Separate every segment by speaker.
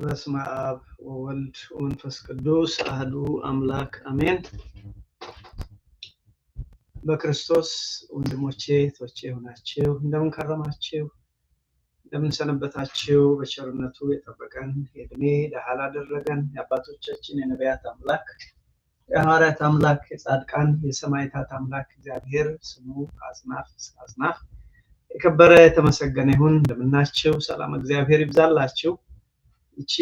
Speaker 1: በስመ አብ ወወልድ ወመንፈስ ቅዱስ አህዱ አምላክ አሜን። በክርስቶስ ወንድሞቼ ቶቼ ሆናችሁ እንደምን ከረማችሁ? እንደምን ሰነበታችሁ? በቸርነቱ የጠበቀን የእድሜ ደህል አደረገን። የአባቶቻችን የነቢያት አምላክ የሐዋርያት አምላክ የጻድቃን የሰማዕታት አምላክ እግዚአብሔር ስሙ አጽናፍ እስከ አጽናፍ የከበረ የተመሰገነ ይሁን። እንደምናችሁ ሰላም እግዚአብሔር ይብዛላችሁ። እቺ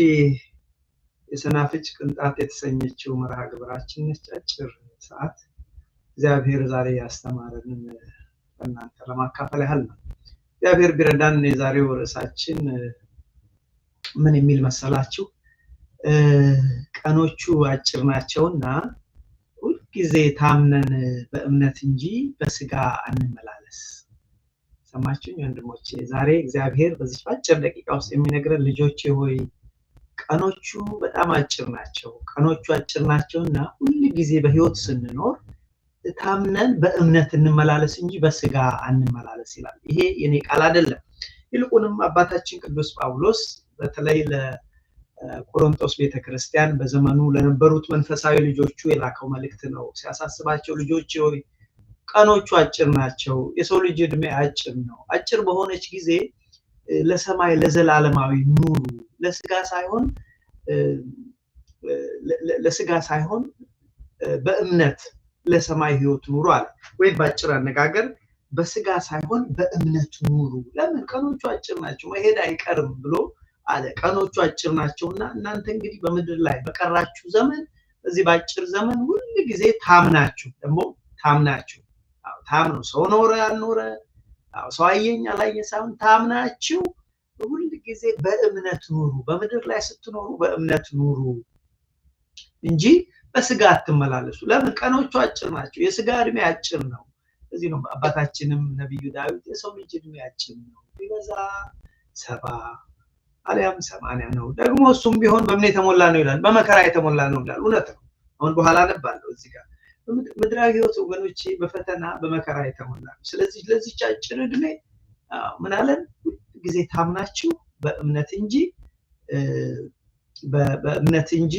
Speaker 1: የሰናፍጭ ቅንጣት የተሰኘችው መርሃ ግብራችን ነች። አጭር ሰዓት እግዚአብሔር ዛሬ ያስተማረንን በእናንተ ለማካፈል ያህል ነው። እግዚአብሔር ቢረዳን የዛሬው ርዕሳችን ምን የሚል መሰላችሁ? ቀኖቹ አጭር ናቸውና ሁልጊዜ ታምነን በእምነት እንጂ በስጋ አንመላለስ። ሰማችሁኝ ወንድሞቼ? ዛሬ እግዚአብሔር በዚህ አጭር ደቂቃ ውስጥ የሚነግረን ልጆቼ ሆይ ቀኖቹ በጣም አጭር ናቸው። ቀኖቹ አጭር ናቸው እና ሁል ጊዜ በህይወት ስንኖር ታምነን በእምነት እንመላለስ እንጂ በስጋ አንመላለስ ይላል። ይሄ የኔ ቃል አይደለም። ይልቁንም አባታችን ቅዱስ ጳውሎስ በተለይ ለቆሮንቶስ ቤተክርስቲያን በዘመኑ ለነበሩት መንፈሳዊ ልጆቹ የላከው መልእክት ነው። ሲያሳስባቸው ልጆች ሆይ ቀኖቹ አጭር ናቸው፣ የሰው ልጅ እድሜ አጭር ነው። አጭር በሆነች ጊዜ ለሰማይ ለዘላለማዊ ኑሩ ለስጋ ሳይሆን ለስጋ ሳይሆን በእምነት ለሰማይ ህይወት ኑሩ አለ ወይም በአጭር አነጋገር በስጋ ሳይሆን በእምነት ኑሩ ለምን ቀኖቹ አጭር ናቸው መሄድ አይቀርም ብሎ አለ ቀኖቹ አጭር ናቸውና እናንተ እንግዲህ በምድር ላይ በቀራችሁ ዘመን በዚህ በአጭር ዘመን ሁሉ ጊዜ ታምናችሁ ደግሞ ታምናችሁ ታምነው ሰው ኖረ ያልኖረ ሰው አየኝ አላየኝ ሳይሆን ታምናችሁ ሁል ጊዜ በእምነት ኑሩ። በምድር ላይ ስትኖሩ በእምነት ኑሩ እንጂ በስጋ አትመላለሱ። ለምን? ቀኖቹ አጭር ናቸው። የስጋ እድሜ አጭር ነው። እዚህ ነው አባታችንም ነቢዩ ዳዊት የሰው ልጅ እድሜ አጭር ነው፣ ቢበዛ ሰባ አሊያም ሰማንያ ነው። ደግሞ እሱም ቢሆን በምን የተሞላ ነው ይላል? በመከራ የተሞላ ነው ይላል። እውነት ነው። አሁን በኋላ ነባለው እዚህ ጋር ምድራዊ ህይወት ወገኖች በፈተና በመከራ የተሞላ ነው። ስለዚህ ለዚች አጭር እድሜ ምናለን ጊዜ ታምናችሁ በእምነት እንጂ በእምነት እንጂ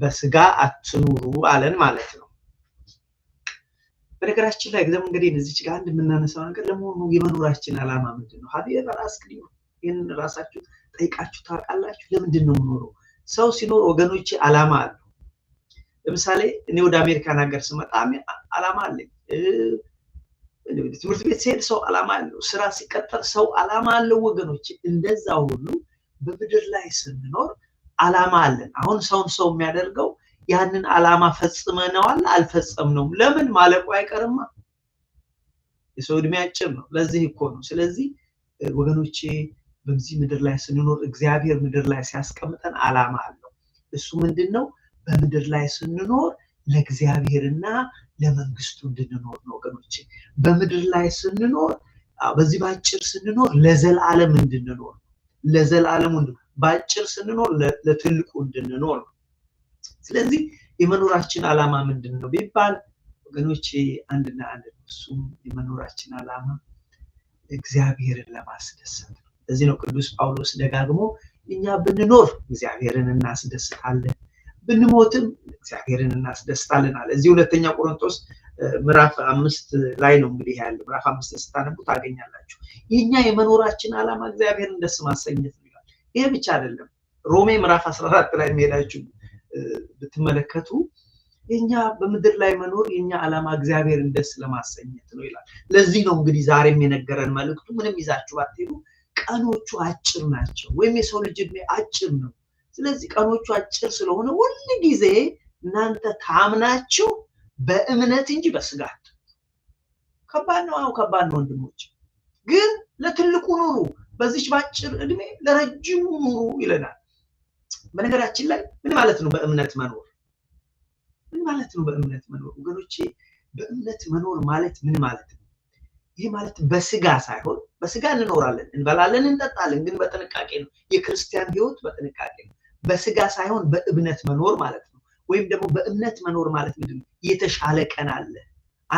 Speaker 1: በስጋ አትኑሩ አለን ማለት ነው። በነገራችን ላይ ግዘም እንግዲህ እዚች ጋር አንድ የምናነሳው ነገር ለመሆኑ የመኖራችን ዓላማ ምንድን ነው? ሀቢየ በራስ ክሊዩ ይህን ራሳችሁ ጠይቃችሁ ታውቃላችሁ? ለምንድን ነው የምኖረው? ሰው ሲኖር ወገኖች ዓላማ አለው። ለምሳሌ እኔ ወደ አሜሪካን ሀገር ስመጣ አላማ አለኝ። ትምህርት ቤት ሲሄድ ሰው አላማ አለው። ስራ ሲቀጠር ሰው አላማ አለው። ወገኖች፣ እንደዛ ሁሉ በምድር ላይ ስንኖር አላማ አለን። አሁን ሰውን ሰው የሚያደርገው ያንን አላማ ፈጽመነዋል ነው ለምን ማለቁ አይቀርማ። የሰው እድሜ አጭር ነው። ለዚህ እኮ ነው። ስለዚህ ወገኖቼ በዚህ ምድር ላይ ስንኖር እግዚአብሔር ምድር ላይ ሲያስቀምጠን አላማ አለው። እሱ ምንድን ነው? በምድር ላይ ስንኖር ለእግዚአብሔርና ለመንግስቱ እንድንኖር ነው ወገኖች። በምድር ላይ ስንኖር በዚህ በአጭር ስንኖር ለዘላለም እንድንኖር ለዘላለሙ በአጭር ስንኖር ለትልቁ እንድንኖር ነው። ስለዚህ የመኖራችን ዓላማ ምንድን ነው ቢባል ወገኖቼ አንድና አንድ እሱም የመኖራችን ዓላማ እግዚአብሔርን ለማስደሰት ነው። ለዚህ ነው ቅዱስ ጳውሎስ ደጋግሞ እኛ ብንኖር እግዚአብሔርን እናስደስታለን ብንሞትም እግዚአብሔርን እናስደስታለን አለ። እዚህ ሁለተኛ ቆሮንቶስ ምዕራፍ አምስት ላይ ነው እንግዲህ ያለ ምዕራፍ አምስት ስታነቡ ታገኛላችሁ። የኛ የመኖራችን ዓላማ እግዚአብሔርን ደስ ማሰኘት ነው ይላል። ይሄ ብቻ አይደለም። ሮሜ ምዕራፍ 14 ላይ መሄዳችሁ ብትመለከቱ የኛ በምድር ላይ መኖር የኛ ዓላማ እግዚአብሔርን ደስ ለማሰኘት ነው ይላል። ለዚህ ነው እንግዲህ ዛሬም የነገረን መልእክቱ ምንም ይዛችሁ ባትሄዱ ቀኖቹ አጭር ናቸው፣ ወይም የሰው ልጅ እድሜ አጭር ነው ስለዚህ ቀኖቹ አጭር ስለሆነ ሁል ጊዜ እናንተ ታምናችሁ በእምነት እንጂ በስጋት ከባድ ነው። አዎ ከባድ ነው ወንድሞች፣ ግን ለትልቁ ኑሩ፣ በዚች ባጭር እድሜ ለረጅሙ ኑሩ ይለናል። በነገራችን ላይ ምን ማለት ነው በእምነት መኖር? ምን ማለት ነው በእምነት መኖር? ወገኖቼ በእምነት መኖር ማለት ምን ማለት ነው? ይህ ማለት በስጋ ሳይሆን በስጋ እንኖራለን፣ እንበላለን፣ እንጠጣለን፣ ግን በጥንቃቄ ነው። የክርስቲያን ህይወት በጥንቃቄ ነው። በስጋ ሳይሆን በእምነት መኖር ማለት ነው። ወይም ደግሞ በእምነት መኖር ማለት ምንድን ነው? የተሻለ ቀን አለ፣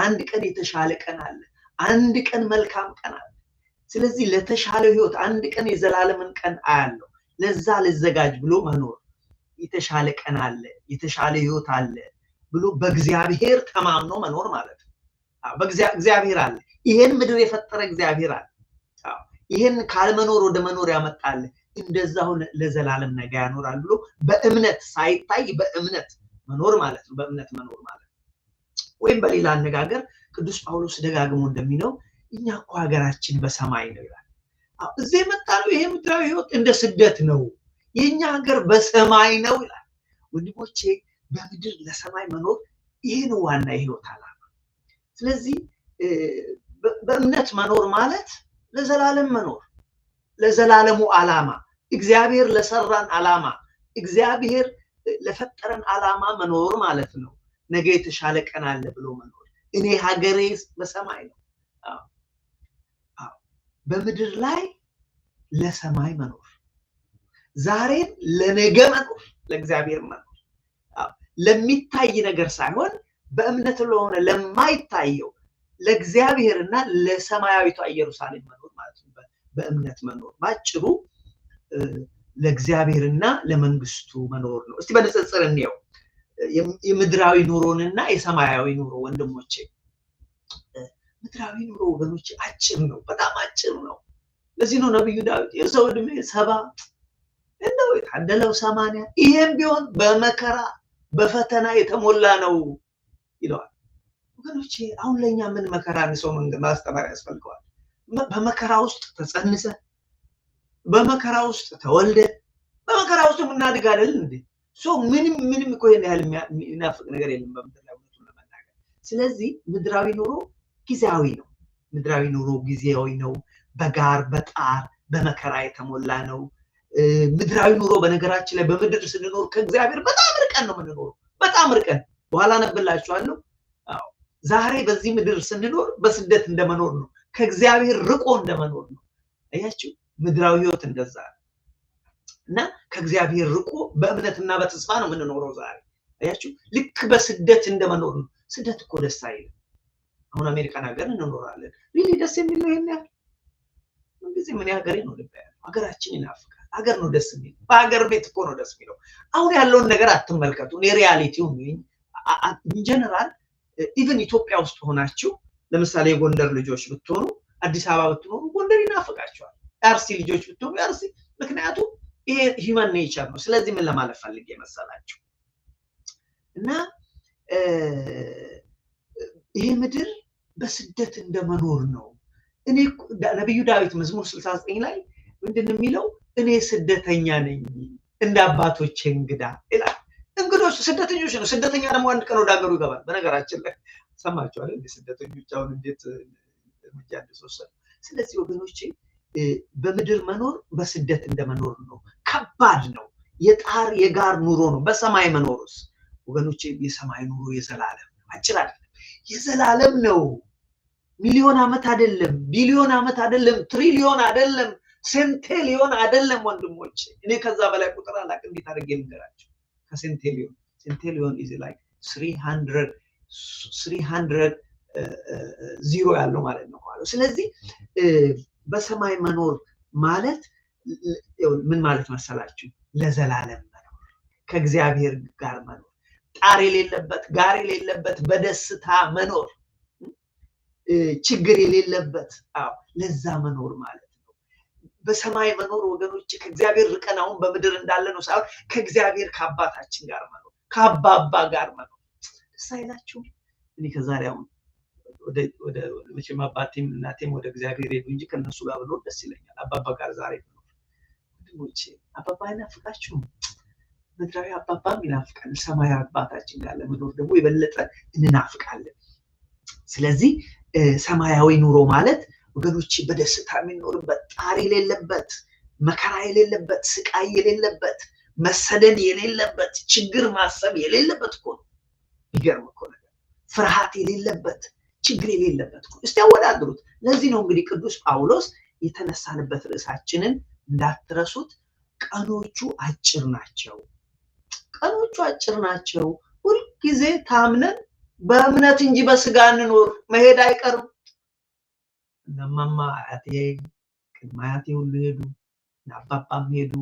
Speaker 1: አንድ ቀን የተሻለ ቀን አለ፣ አንድ ቀን መልካም ቀን አለ። ስለዚህ ለተሻለ ህይወት አንድ ቀን የዘላለምን ቀን አያለው፣ ለዛ ልዘጋጅ ብሎ መኖር የተሻለ ቀን አለ፣ የተሻለ ህይወት አለ ብሎ በእግዚአብሔር ተማምኖ መኖር ማለት ነው። በእግዚአብሔር አለ፣ ይሄን ምድር የፈጠረ እግዚአብሔር አለ፣ ይሄን ካልመኖር ወደ መኖር ያመጣለ እንደዛው ለዘላለም ነገ ያኖራል ብሎ በእምነት ሳይታይ በእምነት መኖር ማለት ነው። በእምነት መኖር ማለት ነው። ወይም በሌላ አነጋገር ቅዱስ ጳውሎስ ደጋግሞ እንደሚለው እኛ እኮ ሀገራችን በሰማይ ነው ይላል። እዚህ የመጣ ነው። ይሄ ምድራዊ ህይወት እንደ ስደት ነው። የእኛ ሀገር በሰማይ ነው ይላል። ወንድሞቼ በምድር ለሰማይ መኖር ይሄ ነው ዋና የህይወት አላማ። ስለዚህ በእምነት መኖር ማለት ለዘላለም መኖር ለዘላለሙ ዓላማ እግዚአብሔር ለሰራን ዓላማ እግዚአብሔር ለፈጠረን ዓላማ መኖር ማለት ነው። ነገ የተሻለ ቀን አለ ብሎ መኖር። እኔ ሀገሬ በሰማይ ነው። በምድር ላይ ለሰማይ መኖር፣ ዛሬን ለነገ መኖር፣ ለእግዚአብሔር መኖር፣ ለሚታይ ነገር ሳይሆን በእምነት ለሆነ ለማይታየው ለእግዚአብሔርና ለሰማያዊቷ ኢየሩሳሌም መኖር ማለት ነው። በእምነት መኖር ባጭሩ ለእግዚአብሔርና ለመንግስቱ መኖር ነው። እስቲ በንጽጽር እንየው የምድራዊ ኑሮንና የሰማያዊ ኑሮ ወንድሞቼ። ምድራዊ ኑሮ ወገኖቼ አጭር ነው፣ በጣም አጭር ነው። ለዚህ ነው ነቢዩ ዳዊት የሰው ዕድሜ ሰባ እንደው የታደለው ሰማንያ ይሄም ቢሆን በመከራ በፈተና የተሞላ ነው ይለዋል። ወገኖቼ አሁን ለእኛ ምን መከራ ሰው ማስተማር ያስፈልገዋል? በመከራ ውስጥ ተጸንሰ በመከራ ውስጥ ተወልደ በመከራ ውስጥ የምናድግ አይደል እንዴ? ምንም ምንም እኮ ይሄን ያህል የሚናፍቅ ነገር የለም በምድር ላይ እውነቱን ለመናገር። ስለዚህ ምድራዊ ኑሮ ጊዜያዊ ነው። ምድራዊ ኑሮ ጊዜያዊ ነው። በጋር በጣር በመከራ የተሞላ ነው። ምድራዊ ኑሮ በነገራችን ላይ በምድር ስንኖር ከእግዚአብሔር በጣም ርቀን ነው የምንኖረው። በጣም ርቀን በኋላ ነብላችኋለሁ። ዛሬ በዚህ ምድር ስንኖር በስደት እንደመኖር ነው። ከእግዚአብሔር ርቆ እንደመኖር ነው። አያችሁ፣ ምድራዊ ህይወት እንደዛ እና ከእግዚአብሔር ርቆ በእምነትና በተስፋ ነው የምንኖረው ዛሬ። አያችሁ፣ ልክ በስደት እንደመኖር ነው። ስደት እኮ ደስ አይልም። አሁን አሜሪካን ሀገር እንኖራለን። ሪሊ ደስ የሚል ነው። ይሄን ያህል ጊዜ ምን ሀገሬ ነው ልብ ያለው ሀገራችን ይናፍቃል። ሀገር ነው ደስ የሚለው። በሀገር ቤት እኮ ነው ደስ የሚለው። አሁን ያለውን ነገር አትመልከቱ። እኔ ሪያሊቲውን ኢንጀነራል ኢቨን ኢትዮጵያ ውስጥ ሆናችሁ ለምሳሌ የጎንደር ልጆች ብትሆኑ አዲስ አበባ ብትኖሩ ጎንደር ይናፍቃቸዋል። የአርሲ ልጆች ብትሆኑ የአርሲ ምክንያቱም ይሄ ሂማን ኔቸር ነው። ስለዚህ ምን ለማለት ፈልግ የመሰላቸው እና ይሄ ምድር በስደት እንደመኖር ነው። እኔ ነቢዩ ዳዊት መዝሙር 69 ላይ ምንድን የሚለው እኔ ስደተኛ ነኝ እንደ አባቶች እንግዳ ይላል። እንግዶች ስደተኞች ነው። ስደተኛ ደግሞ አንድ ቀን ወደ ሀገሩ ይገባል። በነገራችን ላይ ሰማችኋል። ስደተኞች አሁን እንዴት እርምጃ እንደተወሰዱ። ስለዚህ ወገኖቼ በምድር መኖር በስደት እንደመኖር ነው። ከባድ ነው። የጣር የጋር ኑሮ ነው። በሰማይ መኖርስ ወገኖቼ የሰማይ ኑሮ የዘላለም አጭር አይደለም፣ የዘላለም ነው። ሚሊዮን ዓመት አይደለም፣ ቢሊዮን ዓመት አይደለም፣ ትሪሊዮን አይደለም፣ ሴንቴሊዮን አይደለም። ወንድሞች እኔ ከዛ በላይ ቁጥር አላቅ እንዴት አድርጌ ልንገራቸው? ከሴንቴሊዮን ሴንቴሊዮን ኢዝ ላይክ ስሪ ሀንድረድ 300 ሀንድረድ ዚሮ ያለው ማለት ነው ማለት ስለዚህ uh, በሰማይ መኖር ማለት ምን ማለት መሰላችሁ ለዘላለም መኖር ከእግዚአብሔር ጋር መኖር ጣር የሌለበት ጋር የሌለበት በደስታ መኖር ችግር የሌለበት አዎ ለዛ መኖር ማለት ነው በሰማይ መኖር ወገኖች ከእግዚአብሔር ርቀን አሁን በምድር እንዳለ ነው ሳይሆን ከእግዚአብሔር ከአባታችን ጋር መኖር ከአባባ ጋር መኖር ደስ አይላችሁም? እኔ ከዛሬ አሁን ወደ መቼም አባቴም እናቴም ወደ እግዚአብሔር ሄዱ እንጂ ከእነሱ ጋር ብሎ ደስ ይለኛል። አባባ ጋር ዛሬ ብሎ ወንድሞቼ አባባ አይናፍቃችሁም? ምድራዊ አባባ ይናፍቃል፣ ሰማያዊ አባታችን ጋር ለመኖር ደግሞ የበለጠ እንናፍቃለን። ስለዚህ ሰማያዊ ኑሮ ማለት ወገኖች በደስታ የሚኖርበት ጣር የሌለበት መከራ የሌለበት ስቃይ የሌለበት መሰደድ የሌለበት ችግር ማሰብ የሌለበት እኮ ነው። ይገርም እኮ ነገር ፍርሃት የሌለበት ችግር የሌለበት እስቲ አወዳድሩት። ለዚህ ነው እንግዲህ ቅዱስ ጳውሎስ የተነሳንበት ርዕሳችንን እንዳትረሱት፣ ቀኖቹ አጭር ናቸው። ቀኖቹ አጭር ናቸው። ሁልጊዜ ታምነን በእምነት እንጂ በስጋ እንኖር መሄድ አይቀርም። እነማማ አያቴ፣ ቅድመ አያቴ ሁሉ ሄዱ፣ አባባም ሄዱ።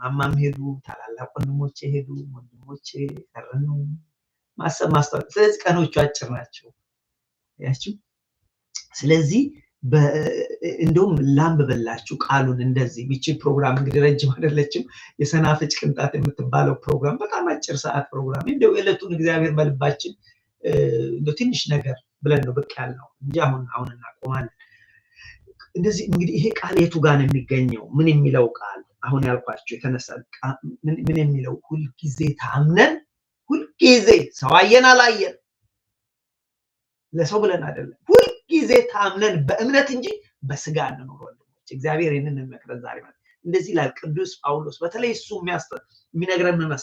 Speaker 1: ማማም ሄዱ፣ ታላላቅ ወንድሞቼ ሄዱ፣ ወንድሞቼ ቀረኑ። ማሰብ ማስተዋል። ስለዚህ ቀኖቹ አጭር ናቸው ያችው። ስለዚህ እንደውም ላንብበላችሁ ቃሉን እንደዚህ። ይቺ ፕሮግራም እንግዲህ ረጅም አይደለችም፣ የሰናፍጭ ቅንጣት የምትባለው ፕሮግራም በጣም አጭር ሰዓት ፕሮግራም። እንደው የዕለቱን እግዚአብሔር በልባችን እንደ ትንሽ ነገር ብለን ነው ብቅ ያልነው እንጂ አሁን አሁን እናቆማለን። እንደዚህ እንግዲህ ይሄ ቃል የቱ ጋር ነው የሚገኘው? ምን የሚለው ቃል አሁን ያልኳቸው የተነሳ ምን የሚለው ሁልጊዜ ታምነን ሁልጊዜ ሰው አየን አላየን ለሰው ብለን አይደለም፣ ሁልጊዜ ታምነን በእምነት እንጂ በስጋ እንኖር ወንድሞች። እግዚአብሔር ይህንን መቅረን ዛሬ ማለት እንደዚህ ይላል ቅዱስ ጳውሎስ። በተለይ እሱ የሚነግረን ምን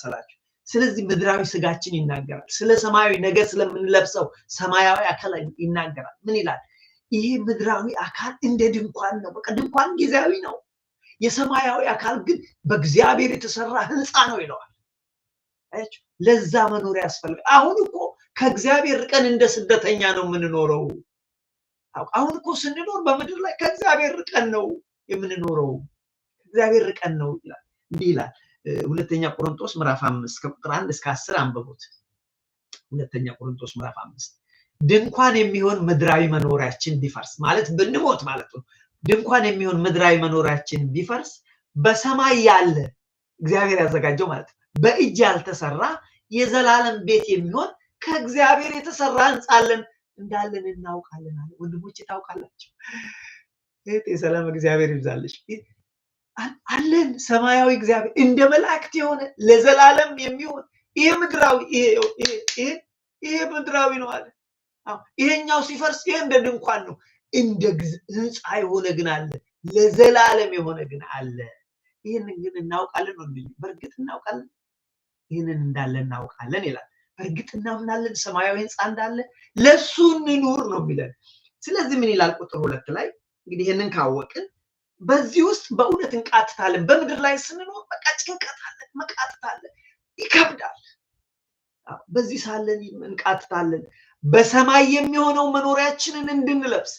Speaker 1: ስለዚህ ምድራዊ ስጋችን ይናገራል፣ ስለ ሰማያዊ ነገ ስለምንለብሰው ሰማያዊ አካል ይናገራል። ምን ይላል? ይሄ ምድራዊ አካል እንደ ድንኳን ነው። በቃ ድንኳን ጊዜያዊ ነው። የሰማያዊ አካል ግን በእግዚአብሔር የተሰራ ህንፃ ነው ይለዋል። ለዛ መኖር ያስፈልጋል። አሁን እኮ ከእግዚአብሔር ርቀን እንደ ስደተኛ ነው የምንኖረው። አሁን እኮ ስንኖር በምድር ላይ ከእግዚአብሔር ርቀን ነው የምንኖረው። ከእግዚአብሔር ርቀን ነው ይላል። እንዲህ ይላል ሁለተኛ ቆሮንቶስ ምዕራፍ አምስት ከቁጥር አንድ እስከ አስር አንብቡት። ሁለተኛ ቆሮንቶስ ምዕራፍ አምስት ድንኳን የሚሆን ምድራዊ መኖሪያችን ቢፈርስ ማለት ብንሞት ማለት ነው ድንኳን የሚሆን ምድራዊ መኖሪያችን ቢፈርስ በሰማይ ያለ እግዚአብሔር ያዘጋጀው ማለት ነው፣ በእጅ ያልተሰራ የዘላለም ቤት የሚሆን ከእግዚአብሔር የተሰራ ሕንፃ አለን እንዳለን እናውቃለን አለ። ወንድሞች ታውቃላችሁ። የሰላም እግዚአብሔር ይብዛልሽ። አለን ሰማያዊ እግዚአብሔር እንደ መላእክት የሆነ ለዘላለም የሚሆን ይሄ ምድራዊ ይሄ ምድራዊ ነው አለ። ይሄኛው ሲፈርስ ይሄ እንደ ድንኳን ነው። እንደ ህንፃ የሆነ ግን አለ፣ ለዘላለም የሆነ ግን አለ። ይህን ግን እናውቃለን ወ በእርግጥ እናውቃለን፣ ይህንን እንዳለ እናውቃለን ይላል። በእርግጥ እናምናለን ሰማያዊ ህንፃ እንዳለ፣ ለሱ እንኑር ነው የሚለን። ስለዚህ ምን ይላል ቁጥር ሁለት ላይ እንግዲህ ይህንን ካወቅን በዚህ ውስጥ በእውነት እንቃትታለን። በምድር ላይ ስንኖር በቃ ጭንቀት አለ፣ መቃትት አለ፣ ይከብዳል። በዚህ ሳለን እንቃትታለን። በሰማይ የሚሆነው መኖሪያችንን እንድንለብስ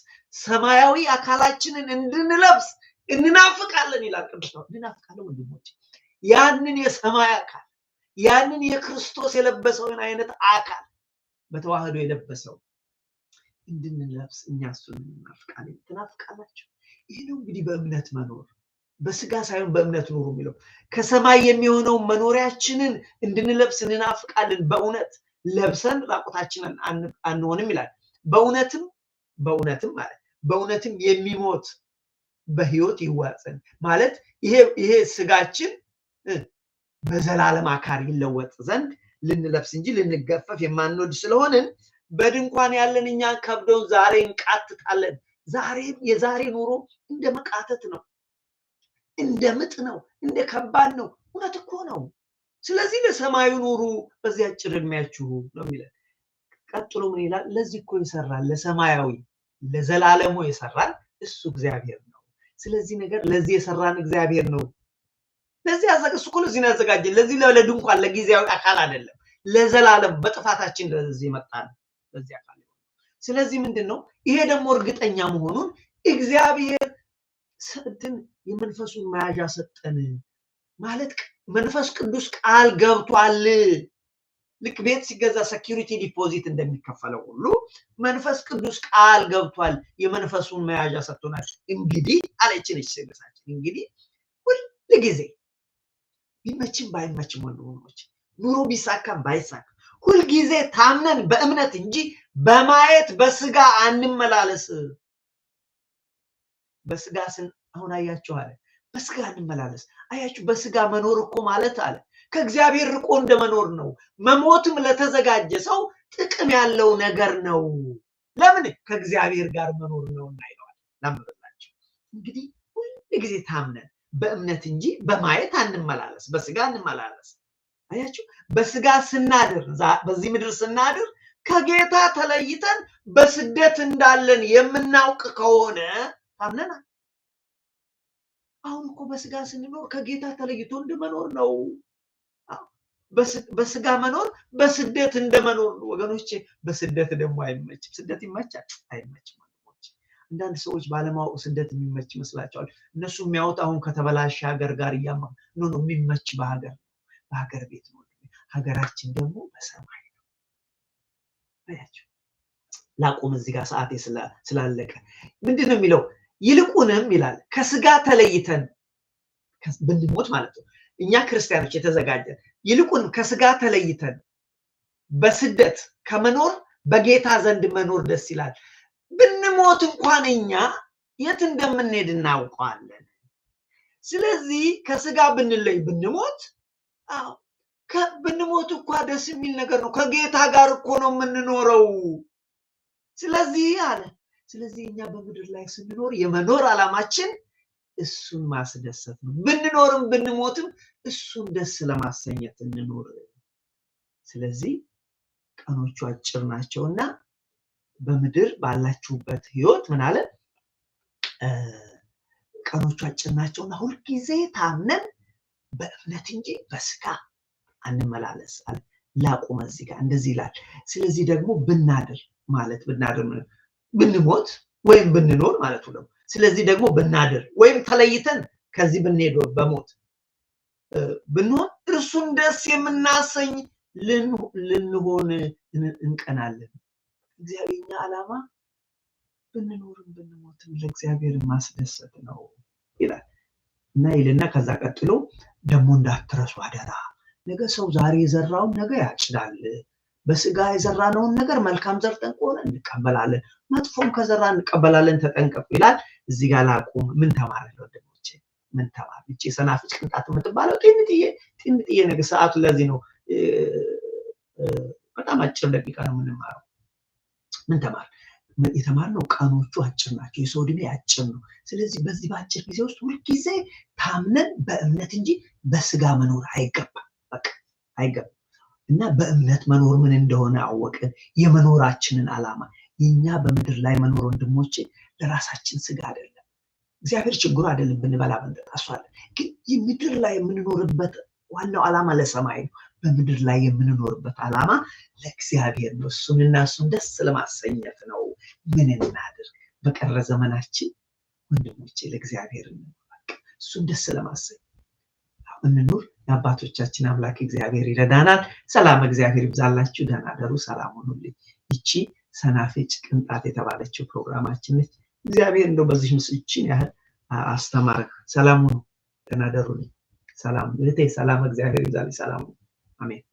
Speaker 1: ሰማያዊ አካላችንን እንድንለብስ እንናፍቃለን ይላል ቅዱስ ነው። እንናፍቃለን ወንድሞች፣ ያንን የሰማይ አካል ያንን የክርስቶስ የለበሰውን አይነት አካል በተዋህዶ የለበሰው እንድንለብስ እኛ እሱን እናፍቃለን። ትናፍቃላቸው ይህ ነው እንግዲህ በእምነት መኖር በስጋ ሳይሆን በእምነት ኑሩ የሚለው ከሰማይ የሚሆነው መኖሪያችንን እንድንለብስ እንናፍቃለን። በእውነት ለብሰን ራቁታችንን አንሆንም ይላል። በእውነትም በእውነትም ማለት በእውነትም የሚሞት በህይወት ይዋጽን ማለት ይሄ ስጋችን በዘላለም አካር ይለወጥ ዘንድ ልንለብስ እንጂ ልንገፈፍ የማንወድ ስለሆንን በድንኳን ያለን እኛ ከብደውን ዛሬ እንቃትታለን። ዛሬም የዛሬ ኑሮ እንደ መቃተት ነው፣ እንደ ምጥ ነው፣ እንደ ከባድ ነው። እውነት እኮ ነው። ስለዚህ ለሰማዩ ኑሩ በዚያ ጭር እድሜያችሁ ነው የሚለን። ቀጥሎ ምን ይላል? ለዚህ እኮ ይሰራል ለሰማያዊ ለዘላለሙ የሰራን እሱ እግዚአብሔር ነው። ስለዚህ ነገር ለዚህ የሰራን እግዚአብሔር ነው። ለዚህ እሱ እኮ እዚህ ያዘጋጀ። ለዚህ ለድንኳን ለጊዜያዊ አካል አይደለም፣ ለዘላለም በጥፋታችን ለዚህ መጣን ለዚህ አካል። ስለዚህ ምንድን ነው ይሄ ደግሞ እርግጠኛ መሆኑን እግዚአብሔር እንትን የመንፈሱን መያዣ ሰጠን ማለት መንፈስ ቅዱስ ቃል ገብቷል ልክ ቤት ሲገዛ ሰኪሪቲ ዲፖዚት እንደሚከፈለው ሁሉ መንፈስ ቅዱስ ቃል ገብቷል። የመንፈሱን መያዣ ሰጥቶናል። እንግዲህ አለችነች ሴበሳችን እንግዲህ ሁል ጊዜ ቢመችም ባይመችም ወንድሞች፣ ኑሮ ቢሳካም ባይሳካ ሁልጊዜ ታምነን በእምነት እንጂ በማየት በስጋ አንመላለስ። በስጋ ስን አሁን አያችኋለን በስጋ እንመላለስ። አያችሁ፣ በስጋ መኖር እኮ ማለት አለ ከእግዚአብሔር ርቆ እንደመኖር ነው። መሞትም ለተዘጋጀ ሰው ጥቅም ያለው ነገር ነው። ለምን? ከእግዚአብሔር ጋር መኖር ነው እና ይለዋል። ላምበላቸው እንግዲህ ጊዜ ታምነን በእምነት እንጂ በማየት አንመላለስ፣ በስጋ እንመላለስ። አያችሁ፣ በስጋ ስናድር፣ በዚህ ምድር ስናድር ከጌታ ተለይተን በስደት እንዳለን የምናውቅ ከሆነ ታምነናል። አሁን እኮ በስጋ ስንኖር ከጌታ ተለይቶ እንደመኖር ነው። በስጋ መኖር በስደት እንደመኖር ነው ወገኖቼ። በስደት ደግሞ አይመችም። ስደት ይመቻል? አይመችም። አንዳንድ ሰዎች ባለማወቅ ስደት የሚመች ይመስላቸዋል። እነሱ የሚያወጣ አሁን ከተበላሸ ሀገር ጋር እያማ ኖ ነው የሚመች በሀገር በሀገር ቤት ነው። ሀገራችን ደግሞ በሰማይ ነው። ላቁም እዚህ ጋር ሰዓቴ ስላለቀ ምንድን ነው የሚለው ይልቁንም ይላል ከስጋ ተለይተን ብንሞት ማለት ነው። እኛ ክርስቲያኖች የተዘጋጀን ይልቁን ከስጋ ተለይተን በስደት ከመኖር በጌታ ዘንድ መኖር ደስ ይላል። ብንሞት እንኳን እኛ የት እንደምንሄድ እናውቀዋለን። ስለዚህ ከስጋ ብንለይ ብንሞት ብንሞት እኳ ደስ የሚል ነገር ነው። ከጌታ ጋር እኮ ነው የምንኖረው። ስለዚህ አለ ስለዚህ እኛ በምድር ላይ ስንኖር የመኖር ዓላማችን እሱን ማስደሰት ነው። ብንኖርም ብንሞትም እሱን ደስ ለማሰኘት እንኖር። ስለዚህ ቀኖቹ አጭር እና በምድር ባላችሁበት ህይወት ምን አለ ቀኖቹ አጭር እና ሁልጊዜ ታምነን በእምነት እንጂ በስጋ አንመላለስ አለ። ላቁመ እዚህ ጋር እንደዚህ ይላል። ስለዚህ ደግሞ ብናድር ማለት ብናድር ብንሞት ወይም ብንኖር ማለቱ ነው። ስለዚህ ደግሞ ብናድር ወይም ተለይተን ከዚህ ብንሄድ በሞት ብንሆን እርሱን ደስ የምናሰኝ ልንሆን እንቀናለን። እግዚአብሔርኛ ዓላማ ብንኖርም ብንሞትም ለእግዚአብሔር ማስደሰት ነው ይላል እና ይልና ከዛ ቀጥሎ ደግሞ እንዳትረሱ አደራ። ነገ ሰው ዛሬ የዘራውን ነገ ያጭዳል። በስጋ የዘራነውን ነገር መልካም ዘርጠን ከሆነ እንቀበላለን፣ መጥፎም ከዘራ እንቀበላለን። ተጠንቀቁ ይላል። እዚህ ጋር ላቁም። ምን ተማርን ወንድሞቼ? ምን ተማር? እቺ ሰናፍጭ ቅንጣት የምትባለው ጢንጥዬ ጢንጥዬ ነገር ሰዓቱ ለዚህ ነው። በጣም አጭር ደቂቃ ነው የምንማረው። ምን ተማር? የተማርነው ቀኖቹ አጭር ናቸው። የሰው እድሜ አጭር ነው። ስለዚህ በዚህ በአጭር ጊዜ ውስጥ ሁልጊዜ ታምነን በእምነት እንጂ በስጋ መኖር አይገባም። በቃ አይገባም። እና በእምነት መኖር ምን እንደሆነ አወቅን። የመኖራችንን ዓላማ የእኛ በምድር ላይ መኖር ወንድሞቼ ለራሳችን ስጋ አይደለም። እግዚአብሔር ችግሩ አይደለም ብንበላ ብንጠጣሷለን፣ ግን የምድር ላይ የምንኖርበት ዋናው ዓላማ ለሰማይ ነው። በምድር ላይ የምንኖርበት ዓላማ ለእግዚአብሔር ነው። እሱን እና እሱን ደስ ለማሰኘት ነው። ምን እናድርግ? በቀረ ዘመናችን ወንድሞቼ ለእግዚአብሔር እንኖር፣ እሱን ደስ ለማሰኘት እንኑር። የአባቶቻችን አምላክ እግዚአብሔር ይረዳናል። ሰላም እግዚአብሔር ይብዛላችሁ። ደህና ደሩ። ሰላም ሆኑልኝ። ይቺ ሰናፍጭ ቅንጣት የተባለችው ፕሮግራማችን ነች። እግዚአብሔር እንደው በዚህ ምስችን ያህል አስተማር። ሰላም ሆኑ። ደህና ደሩልኝ። ሰላም እህቴ፣ ሰላም እግዚአብሔር ይብዛል። ሰላም አሜን።